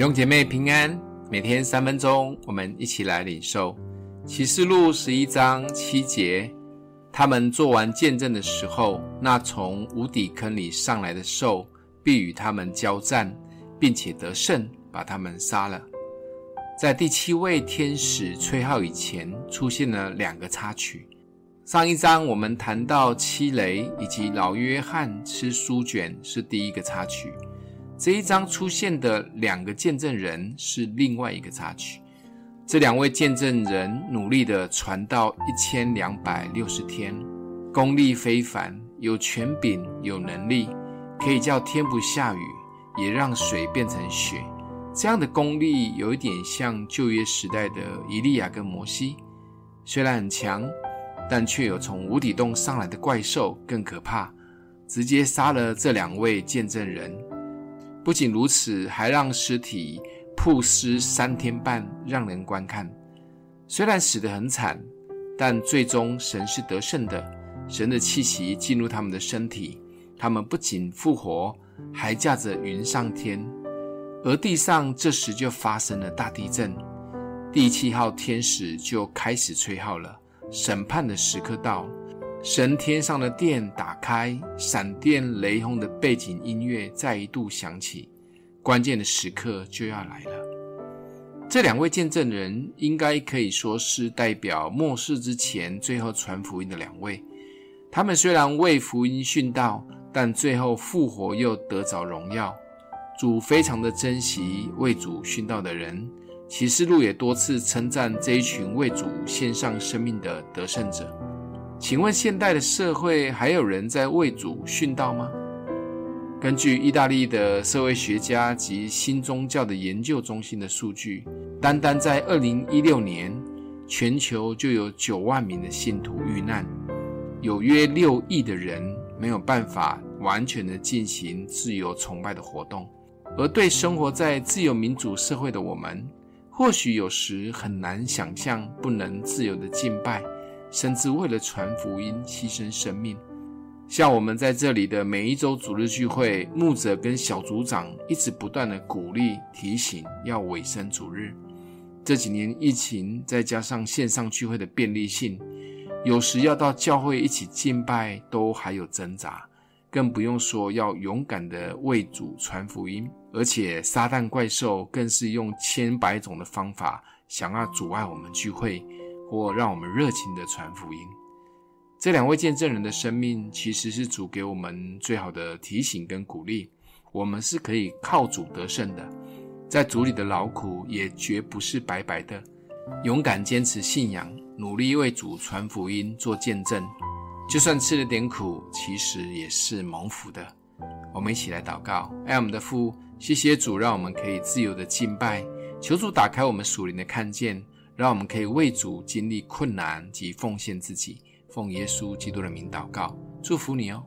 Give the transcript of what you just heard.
弟兄姐妹平安，每天三分鐘，我們一起來領受《啟示錄》十一章七節。他們做完見證的時候，那從無底坑裡上來的獸必與他們交戰，並且得勝，把他們殺了。在第七位天使吹號以前，出現了兩個插曲。上一章我們談到七雷以及老約翰吃書卷，是第一個插曲。這一章出現的兩個見證人是另外一個插曲。這兩位見證人努力的傳道一千兩百六十天，功力非凡，有權柄，有能力，可以叫天不下雨，也讓水變成血。這樣的功力有一點像舊約時代的以利亞跟摩西，雖然很強，但卻有從無底洞上來的怪獸更可怕，直接殺了這兩位見證人。不僅如此，還讓屍體曝屍三天半，讓人觀看。雖然死得很慘，但最終神是得勝的。神的氣息進入他們的身體，他們不僅復活，還駕着雲上天。而地上這時就發生了大地震，第七號天使就開始吹號了，審判的時刻到了。神天上的殿打開，閃電雷轟的背景音樂再一度響起，關鍵的時刻就要來了。這兩位見證人應該可以說是代表末世之前最後傳福音的兩位。他們雖然為福音殉道，但最後復活又得着榮耀。主非常的珍惜為主殉道的人，啟示錄也多次稱讚這一群為主獻上生命的得勝者。請問現代的社會還有人在為主殉道嗎？根據意大利的社會學家及新宗教的研究中心的數據，單單在二零一六年，全球就有九萬名的信徒遇難，有約六億的人沒有辦法完全的進行自由崇拜的活動。而對生活在自由民主社會的我們，或許有時很難想象不能自由的敬拜。甚至為了傳福音犧牲生命，像我們在這裡的每一週主日聚會，牧者跟小組長一直不斷地鼓勵提醒，要委身主日。這幾年疫情，再加上線上聚會的便利性，有時要到教會一起敬拜都還有掙扎，更不用說要勇敢的為主傳福音，而且撒旦怪獸更是用千百種的方法想要阻礙我們聚會。或讓我們熱情的傳福音。這兩位見證人的生命，其實是主給我們最好的提醒跟鼓勵。我們是可以靠主得勝的，在主裡的勞苦也絕不是白白的。勇敢堅持信仰，努力為主傳福音做見證，就算吃了點苦，其實也是蒙福的。我們一起來禱告。愛我們的父，謝謝主，讓我們可以自由的敬拜，求主打開我們屬靈的看見。讓我們可以為主經歷困難及奉獻自己，奉耶穌基督的名禱告，祝福你哦。